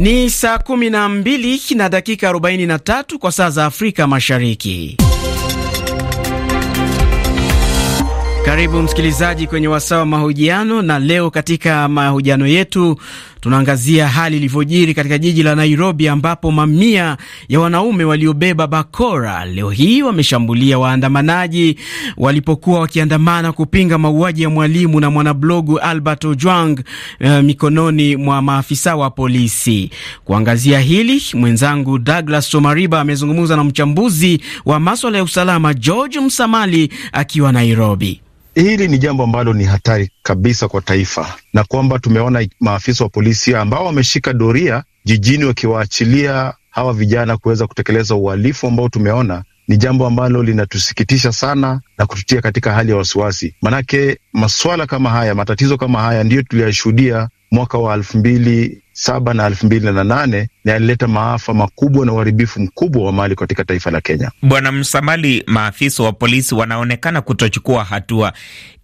Ni saa 12 na dakika 43 kwa saa za Afrika Mashariki. Karibu msikilizaji kwenye wasaa wa mahojiano, na leo katika mahojiano yetu Tunaangazia hali ilivyojiri katika jiji la Nairobi, ambapo mamia ya wanaume waliobeba bakora leo hii wameshambulia waandamanaji walipokuwa wakiandamana kupinga mauaji ya mwalimu na mwanablogu Albert Ojwang eh, mikononi mwa maafisa wa polisi. Kuangazia hili, mwenzangu Douglas Tomariba amezungumza na mchambuzi wa maswala ya usalama George Msamali akiwa Nairobi hili ni jambo ambalo ni hatari kabisa kwa taifa, na kwamba tumeona maafisa wa polisi ambao wameshika doria jijini wakiwaachilia hawa vijana kuweza kutekeleza uhalifu ambao tumeona ni jambo ambalo linatusikitisha sana na kututia katika hali ya wasiwasi, manake maswala kama haya, matatizo kama haya ndiyo tuliyashuhudia mwaka wa elfu mbili saba na elfu mbili na nane na yalileta maafa makubwa na uharibifu mkubwa wa mali katika taifa la Kenya. Bwana Msamali, maafisa wa polisi wanaonekana kutochukua hatua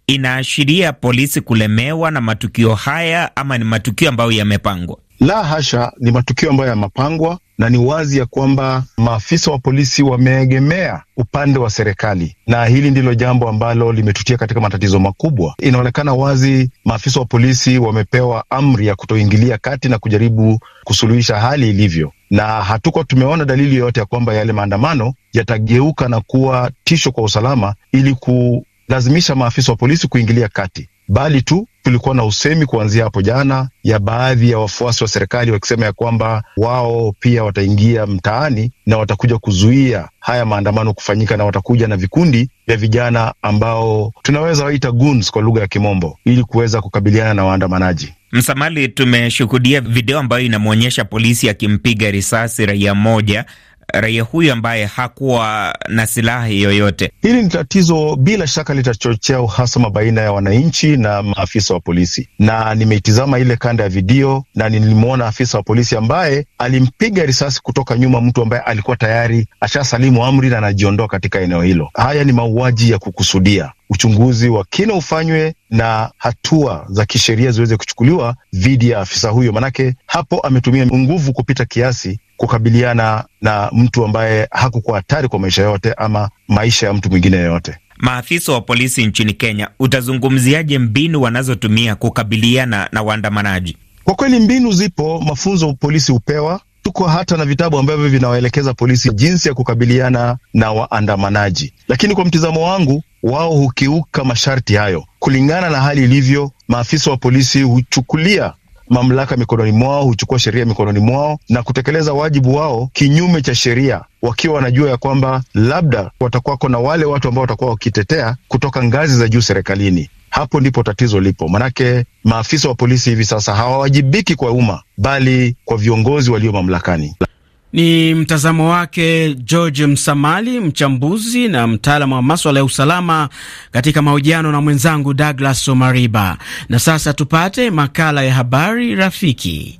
inaashiria polisi kulemewa na matukio haya ama ni matukio ambayo yamepangwa? La hasha, ni matukio ambayo yamepangwa na ni wazi ya kwamba maafisa wa polisi wameegemea upande wa serikali, na hili ndilo jambo ambalo limetutia katika matatizo makubwa. Inaonekana wazi maafisa wa polisi wamepewa amri ya kutoingilia kati na kujaribu kusuluhisha hali ilivyo, na hatuko tumeona dalili yoyote ya kwamba yale maandamano yatageuka na kuwa tisho kwa usalama ili ku lazimisha maafisa wa polisi kuingilia kati bali tu tulikuwa na usemi kuanzia hapo jana ya baadhi ya wafuasi wa serikali wakisema ya kwamba wao pia wataingia mtaani na watakuja kuzuia haya maandamano kufanyika, na watakuja na vikundi vya vijana ambao tunaweza waita goons kwa lugha ya Kimombo, ili kuweza kukabiliana na waandamanaji. Msamali, tumeshuhudia video ambayo inamwonyesha polisi akimpiga risasi raia moja raia huyu ambaye hakuwa na silaha yoyote. Hili ni tatizo bila shaka litachochea uhasama baina ya wananchi na maafisa wa polisi, na nimeitizama ile kanda ya video na nilimwona afisa wa polisi ambaye alimpiga risasi kutoka nyuma mtu ambaye alikuwa tayari ashasalimu amri na anajiondoa katika eneo hilo. Haya ni mauaji ya kukusudia. Uchunguzi wa kina ufanywe na hatua za kisheria ziweze kuchukuliwa dhidi ya afisa huyo, manake hapo ametumia nguvu kupita kiasi kukabiliana na mtu ambaye hakukuwa hatari kwa maisha yote ama maisha ya mtu mwingine yoyote. Maafisa wa polisi nchini Kenya, utazungumziaje mbinu wanazotumia kukabiliana na waandamanaji? Kwa kweli mbinu zipo, mafunzo polisi hupewa tuko hata na vitabu ambavyo vinawaelekeza polisi jinsi ya kukabiliana na waandamanaji, lakini kwa mtizamo wangu, wao hukiuka masharti hayo kulingana na hali ilivyo. Maafisa wa polisi huchukulia mamlaka mikononi mwao, huchukua sheria mikononi mwao na kutekeleza wajibu wao kinyume cha sheria, wakiwa wanajua ya kwamba labda watakuwako na wale watu ambao watakuwa wakitetea kutoka ngazi za juu serikalini. Hapo ndipo tatizo lipo, manake maafisa wa polisi hivi sasa hawawajibiki kwa umma, bali kwa viongozi walio mamlakani. Ni mtazamo wake George Msamali, mchambuzi na mtaalamu wa maswala ya usalama, katika mahojiano na mwenzangu Douglas Omariba. Na sasa tupate makala ya habari rafiki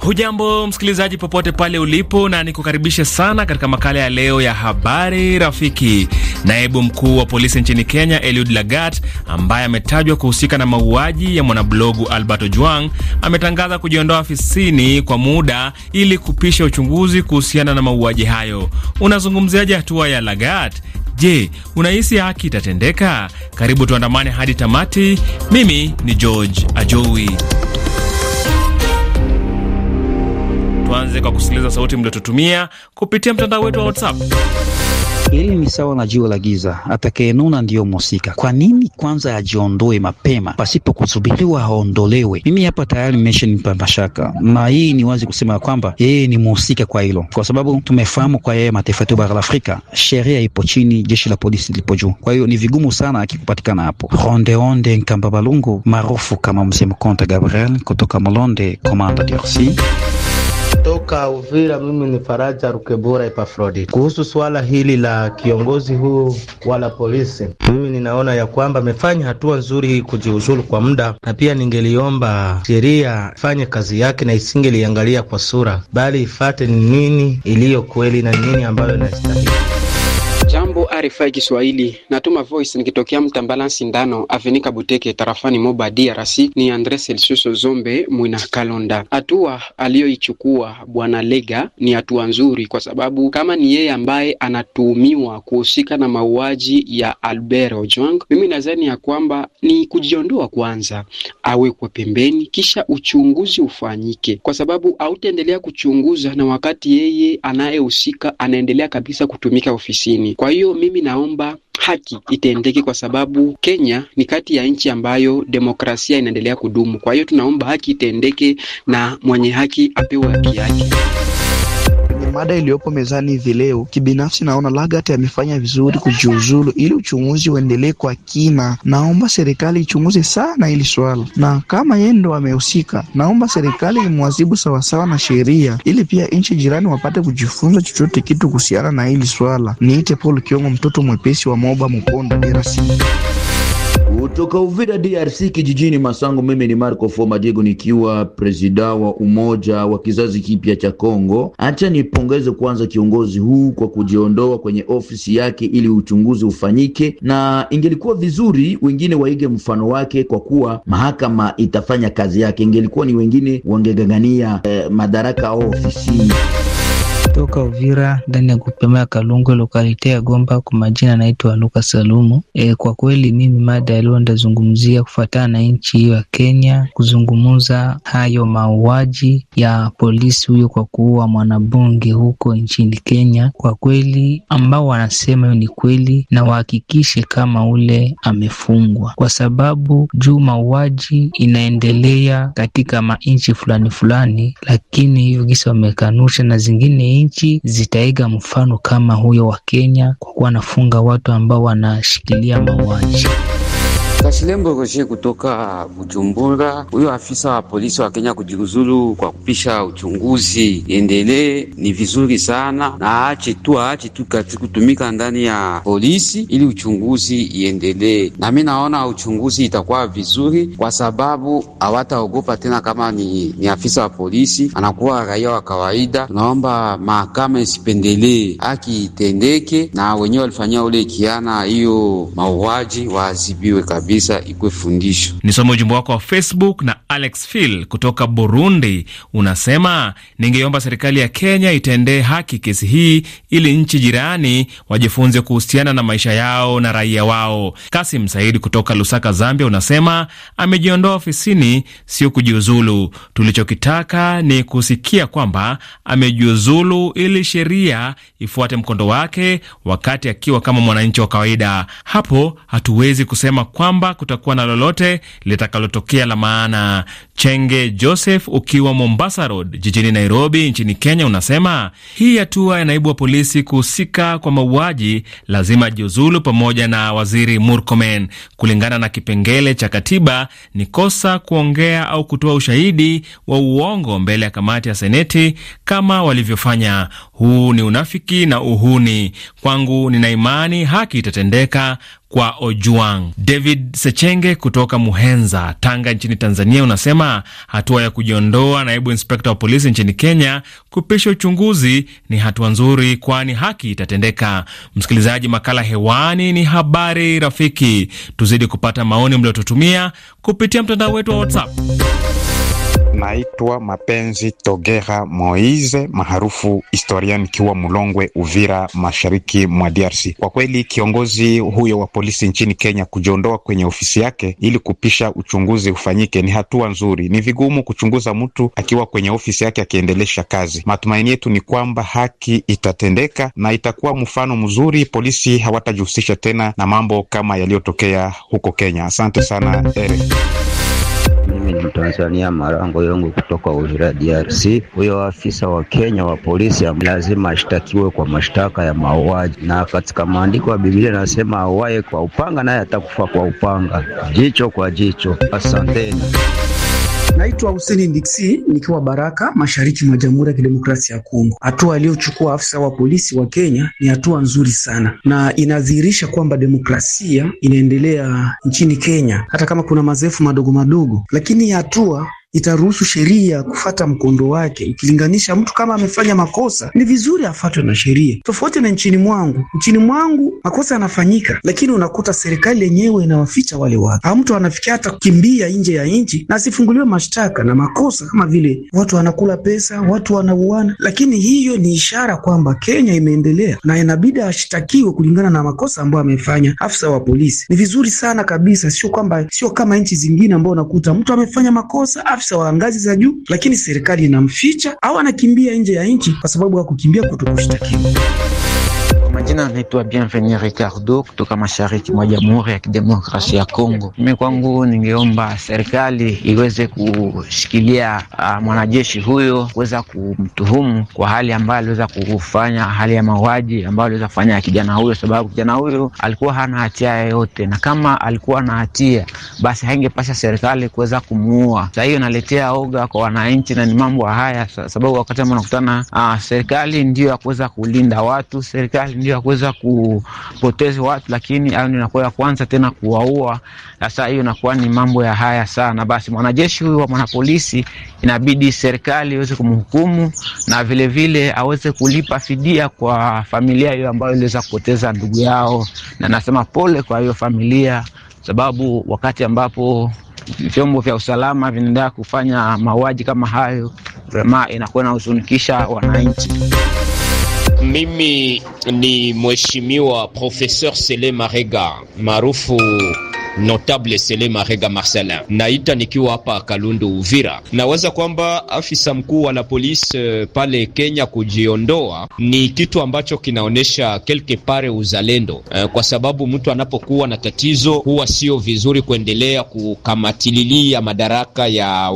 Hujambo msikilizaji, popote pale ulipo, na nikukaribishe sana katika makala ya leo ya habari rafiki. Naibu mkuu wa polisi nchini Kenya Eliud Lagat, ambaye ametajwa kuhusika na mauaji ya mwanablogu Albert Ojwang, ametangaza kujiondoa afisini kwa muda ili kupisha uchunguzi kuhusiana na mauaji hayo. Unazungumziaje hatua ya Lagat? Je, unahisi haki itatendeka? Karibu tuandamane hadi tamati. Mimi ni George Ajowi. Tuanze kwa kusikiliza sauti mliotutumia kupitia mtandao wetu wa WhatsApp. Hili ni sawa na jiwe la giza, atakayenuna ndiyo mhusika. Kwa nini kwanza ajiondoe mapema pasipo kusubiriwa aondolewe? Mimi hapa tayari nimeshanipa mashaka, na hii ni wazi kusema kwamba yeye ni mhusika kwa hilo, kwa sababu tumefahamu kwa yeye mataifa yetu bara la Afrika sheria ipo chini, jeshi la polisi lipo juu. Kwa hiyo ni vigumu sana akikupatikana hapo. Rondeonde Nkamba Balungu maarufu kama Mzee Mkonta Gabriel kutoka Molonde, Komanda DRC. Toka Uvira, mimi ni Faraja Rukebura Epafrodit. Kuhusu swala hili la kiongozi huu wala polisi, mimi ninaona ya kwamba amefanya hatua nzuri kujiuzulu kwa muda, na pia ningeliomba sheria ifanye kazi yake na isingeliangalia kwa sura, bali ifate ni nini iliyo kweli na nini ambayo inastahili. Jambo RFI Kiswahili, natuma voice nikitokea Mtambala Sindano Avenika Buteke tarafani Moba DRC. Ni Andre Celsius Zombe Mwina Kalonda. Hatua aliyoichukua bwana Lega ni hatua nzuri, kwa sababu kama ni yeye ambaye anatuhumiwa kuhusika na mauaji ya Albert Ojwang, mimi nadhani ya kwamba ni kujiondoa kwanza, awekwe pembeni, kisha uchunguzi ufanyike, kwa sababu hautaendelea kuchunguza na wakati yeye anayehusika anaendelea kabisa kutumika ofisini. Kwa hiyo mimi naomba haki itendeke, kwa sababu Kenya ni kati ya nchi ambayo demokrasia inaendelea kudumu. Kwa hiyo tunaomba haki itendeke na mwenye haki apewe haki yake mada iliyopo mezani hivi leo, kibinafsi naona Lagat amefanya vizuri kujiuzulu ili uchunguzi uendelee kwa kina. Naomba serikali ichunguze sana hili swala, na kama yeye ndo amehusika, naomba serikali imwazibu sawasawa na sheria, ili pia nchi jirani wapate kujifunza chochote kitu kuhusiana na hili swala. Niite Paul Kiongo, mtoto mwepesi wa Moba Mupondo, DRC. Kutoka Uvira DRC kijijini Masango, mimi ni Marco Foma Diego nikiwa presida wa umoja wa kizazi kipya cha Kongo. Acha nipongeze kwanza kiongozi huu kwa kujiondoa kwenye ofisi yake ili uchunguzi ufanyike, na ingelikuwa vizuri wengine waige mfano wake, kwa kuwa mahakama itafanya kazi yake. Ingelikuwa ni wengine wangegangania eh, madaraka au ofisi kutoka Uvira ndani ya kupema ya Kalungu lokalite ya Gomba. Kwa majina anaitwa Luka Salumu. E, kwa kweli mimi mada ya ndazungumzia kufuatana na nchi hiyo ya Kenya kuzungumza hayo mauaji ya polisi huyo kwa kuua mwanabunge huko nchini Kenya. Kwa kweli ambao wanasema hiyo ni kweli na wahakikishe kama ule amefungwa, kwa sababu juu mauaji inaendelea katika manchi fulani fulani, lakini hivyo gisa wamekanusha na zingine nchi zitaiga mfano kama huyo wa Kenya kwa kuwa anafunga watu ambao wanashikilia mauaji. Kashilembo Roger kutoka Bujumbura. Huyo afisa wa polisi wa Kenya kujiuzulu kwa kupisha uchunguzi iendelee ni vizuri sana, na aache tu aache tu kutumika ndani ya polisi ili uchunguzi iendelee. Na mimi naona uchunguzi itakuwa vizuri, kwa sababu hawataogopa tena. Kama ni, ni afisa wa polisi anakuwa raia wa kawaida. Tunaomba mahakama isipendelee, haki itendeke, na wenyewe walifanyia ule kiana hiyo mauaji waadhibiwe kabisa kabisa ikwe fundisho. Nisome ujumbe wako wa Facebook na Alex Phil kutoka Burundi, unasema ningeomba serikali ya Kenya itendee haki kesi hii ili nchi jirani wajifunze kuhusiana na maisha yao na raia wao. Kasim Saidi kutoka Lusaka, Zambia, unasema amejiondoa ofisini, sio kujiuzulu. Tulichokitaka ni kusikia kwamba amejiuzulu ili sheria ifuate mkondo wake wakati akiwa kama mwananchi wa kawaida. Hapo hatuwezi kusema kwamba kwamba kutakuwa na lolote litakalotokea la maana. Chenge Joseph ukiwa Mombasa Road jijini Nairobi nchini Kenya unasema hii hatua ya naibu wa polisi kuhusika kwa mauaji lazima jiuzulu pamoja na waziri Murkomen. Kulingana na kipengele cha katiba, ni kosa kuongea au kutoa ushahidi wa uongo mbele ya kamati ya Seneti kama walivyofanya huu ni unafiki na uhuni. Kwangu nina imani haki itatendeka kwa Ojuang. David Sechenge kutoka Muhenza, Tanga nchini Tanzania, unasema hatua ya kujiondoa naibu inspekta wa polisi nchini Kenya kupisha uchunguzi ni hatua nzuri, kwani haki itatendeka. Msikilizaji, makala hewani ni habari rafiki. Tuzidi kupata maoni mliotutumia kupitia mtandao wetu wa WhatsApp. Naitwa Mapenzi Togera Moise maarufu historian, nikiwa mlongwe Uvira, mashariki mwa DRC. Kwa kweli kiongozi huyo wa polisi nchini Kenya kujiondoa kwenye ofisi yake ili kupisha uchunguzi ufanyike ni hatua nzuri. Ni vigumu kuchunguza mtu akiwa kwenye ofisi yake akiendelesha kazi. Matumaini yetu ni kwamba haki itatendeka na itakuwa mfano mzuri, polisi hawatajihusisha tena na mambo kama yaliyotokea huko Kenya. Asante sana Eric. Mimi ni Mtanzania Marango Yongo kutoka Uvira, DRC. Huyo afisa wa Kenya wa polisi lazima ashtakiwe kwa mashtaka ya mauaji, na katika maandiko ya Biblia nasema awaye kwa upanga naye atakufa kwa upanga, jicho kwa jicho. Asanteni. Naitwa Huseni Ndiksi nikiwa Baraka, mashariki mwa Jamhuri ya Kidemokrasia ya Kongo. Hatua aliyochukua afisa wa polisi wa Kenya ni hatua nzuri sana na inadhihirisha kwamba demokrasia inaendelea nchini Kenya, hata kama kuna mazefu madogo madogo, lakini hatua itaruhusu sheria kufata mkondo wake. Ukilinganisha mtu kama amefanya makosa, ni vizuri afatwe na sheria, tofauti na nchini mwangu. Nchini mwangu makosa yanafanyika, lakini unakuta serikali yenyewe inawaficha wale watu, au mtu anafikia hata kukimbia nje ya nchi na asifunguliwe mashtaka na makosa kama vile watu wanakula pesa, watu wanauana. Lakini hiyo ni ishara kwamba Kenya imeendelea na inabidi ashtakiwe kulingana na makosa ambayo amefanya afisa wa polisi. Ni vizuri sana kabisa, sio kwamba sio kama nchi zingine ambao unakuta mtu amefanya makosa maafisa wa ngazi za juu, lakini serikali inamficha au anakimbia nje ya nchi kwa sababu ya kukimbia kutokushtakiwa majina naitwa Bienveni Ricardo kutoka mashariki mwa Jamhuri ya Kidemokrasia ya Kongo. Mimi kwangu ningeomba serikali iweze kushikilia uh, mwanajeshi huyo kuweza kumtuhumu kwa hali ambayo aliweza kufanya, hali ya mauaji ambayo aliweza kufanya ya kijana huyo, sababu kijana huyo alikuwa hana hatia yoyote, na kama alikuwa na hatia basi haingepasha serikali kuweza kumuua. Sasa hiyo inaletea oga kwa wananchi na ni mambo haya, sababu wakati ambao unakutana uh, ah, serikali ndio ya kuweza kulinda watu serikali ndio ya kupoteza watu, lakini hayo ndio inakuwa ya kwanza tena kuwaua. Sasa hiyo inakuwa ni mambo ya haya sana. Basi mwanajeshi huyu wa mwanapolisi inabidi serikali iweze kumhukumu na vile vile aweze kulipa fidia kwa familia hiyo ambayo iliweza kupoteza ndugu yao, na nasema pole kwa hiyo familia, sababu wakati ambapo vyombo vya usalama vinaendelea kufanya mauaji kama hayo, vraiment inakuwa inahuzunikisha wananchi. Mimi ni mheshimiwa Professeur Sele Marega maarufu Notable Sele Marega Marcelin, naita nikiwa hapa Kalundu Uvira. Naweza kwamba afisa mkuu wa la polisi eh, pale Kenya kujiondoa ni kitu ambacho kinaonyesha kelke pare uzalendo, eh, kwa sababu mtu anapokuwa na tatizo huwa sio vizuri kuendelea kukamatililia madaraka ya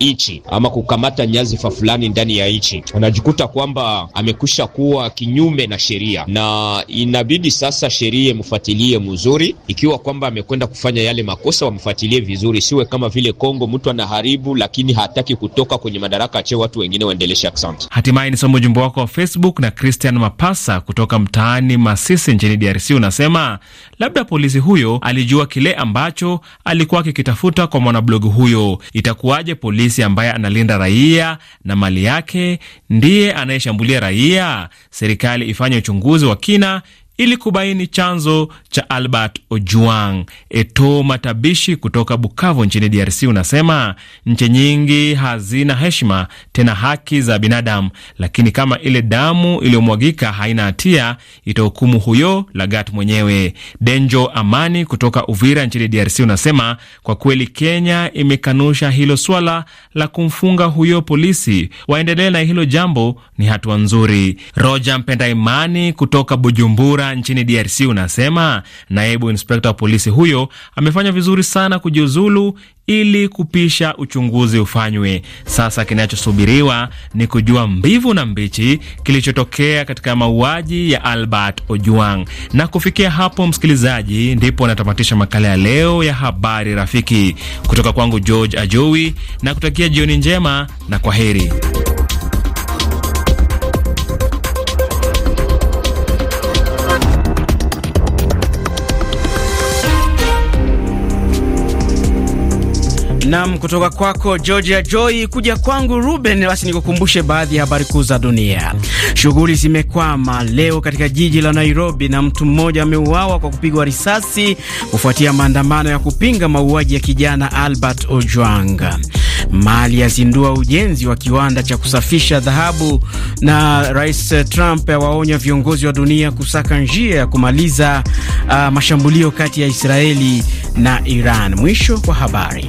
nchi ama kukamata nyazifa fulani ndani ya nchi. Anajikuta kwamba amekwisha kuwa kinyume na sheria, na inabidi sasa sheria imfuatilie mzuri, ikiwa kwamba amekwenda kufanya yale makosa wamfuatilie vizuri, siwe kama vile Kongo mtu anaharibu lakini hataki kutoka kwenye madaraka, ache watu wengine waendeleshe. Asante. Hatimaye nisome ujumbe wako wa Facebook na Christian Mapasa kutoka mtaani Masisi nchini DRC, unasema labda polisi huyo alijua kile ambacho alikuwa akikitafuta kwa mwanablogu huyo. Itakuwaje polisi ambaye analinda raia na mali yake ndiye anayeshambulia raia? Serikali ifanye uchunguzi wa kina ili kubaini chanzo cha Albert Ojuang. Eto Matabishi kutoka Bukavu nchini DRC unasema nchi nyingi hazina heshima tena haki za binadamu, lakini kama ile damu iliyomwagika haina hatia, itahukumu huyo Lagat mwenyewe. Denjo Amani kutoka Uvira nchini DRC unasema kwa kweli Kenya imekanusha hilo swala la kumfunga huyo polisi, waendelee na hilo jambo, ni hatua nzuri. roja Mpenda Imani kutoka Bujumbura nchini DRC unasema Naibu inspekta wa polisi huyo amefanya vizuri sana kujiuzulu ili kupisha uchunguzi ufanywe. Sasa kinachosubiriwa ni kujua mbivu na mbichi kilichotokea katika mauaji ya Albert ojuang Na kufikia hapo, msikilizaji, ndipo anatamatisha makala ya leo ya habari rafiki kutoka kwangu George Ajowi, na kutakia jioni njema na kwa heri. Nam kutoka kwako Georgia Joy kuja kwangu Ruben, basi nikukumbushe baadhi ya habari kuu za dunia. Shughuli zimekwama leo katika jiji la Nairobi na mtu mmoja ameuawa kwa kupigwa risasi kufuatia maandamano ya kupinga mauaji ya kijana Albert Ojwang. Mali yazindua ujenzi wa kiwanda cha kusafisha dhahabu, na Rais Trump awaonya viongozi wa dunia kusaka njia ya kumaliza uh, mashambulio kati ya Israeli na Iran. Mwisho wa habari.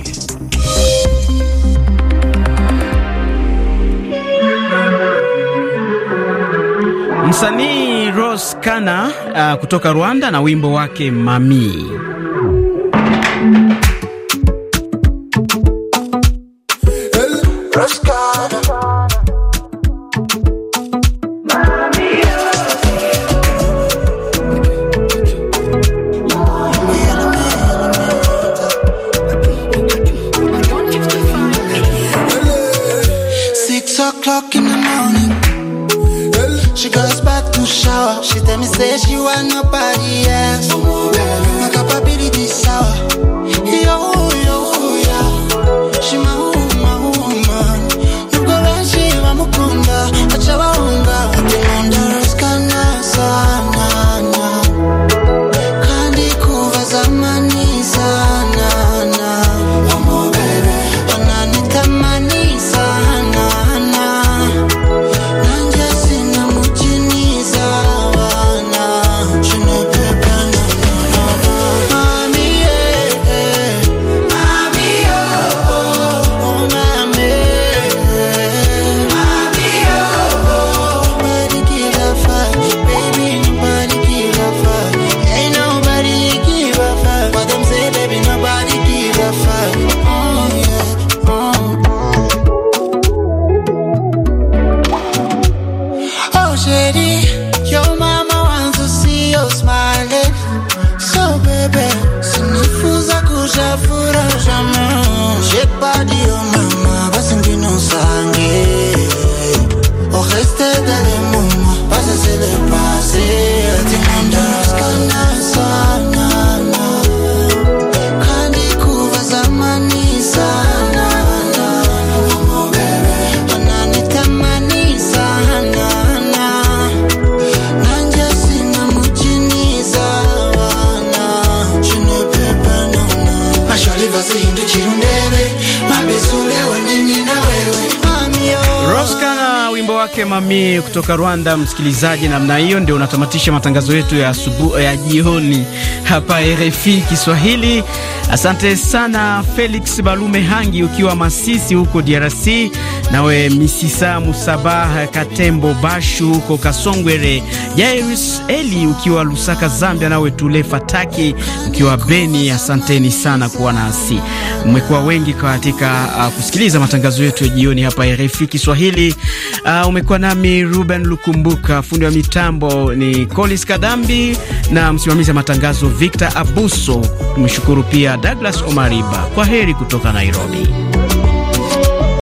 Msanii Rose Kana uh, kutoka Rwanda na wimbo wake Mami. jamii kutoka Rwanda. Msikilizaji, namna hiyo ndio unatamatisha matangazo yetu ya asubuhi ya jioni hapa RFI Kiswahili. Asante sana Felix Balume Hangi ukiwa Masisi huko DRC, nawe Misisa Musabaha Katembo Bashu huko Kasongwere, Jairus Eli ukiwa Lusaka Zambia, nawe Tule Fataki ukiwa Beni. Asanteni sana kuwa nasi, mmekuwa wengi katika uh, kusikiliza matangazo yetu ya jioni hapa RFI Kiswahili. Uh, umekuwa nami Ruben Lukumbuka, fundi wa mitambo ni Collins Kadambi na msimamizi wa matangazo Victor Abuso. Tumeshukuru pia Douglas Omariba. Kwa heri kutoka Nairobi.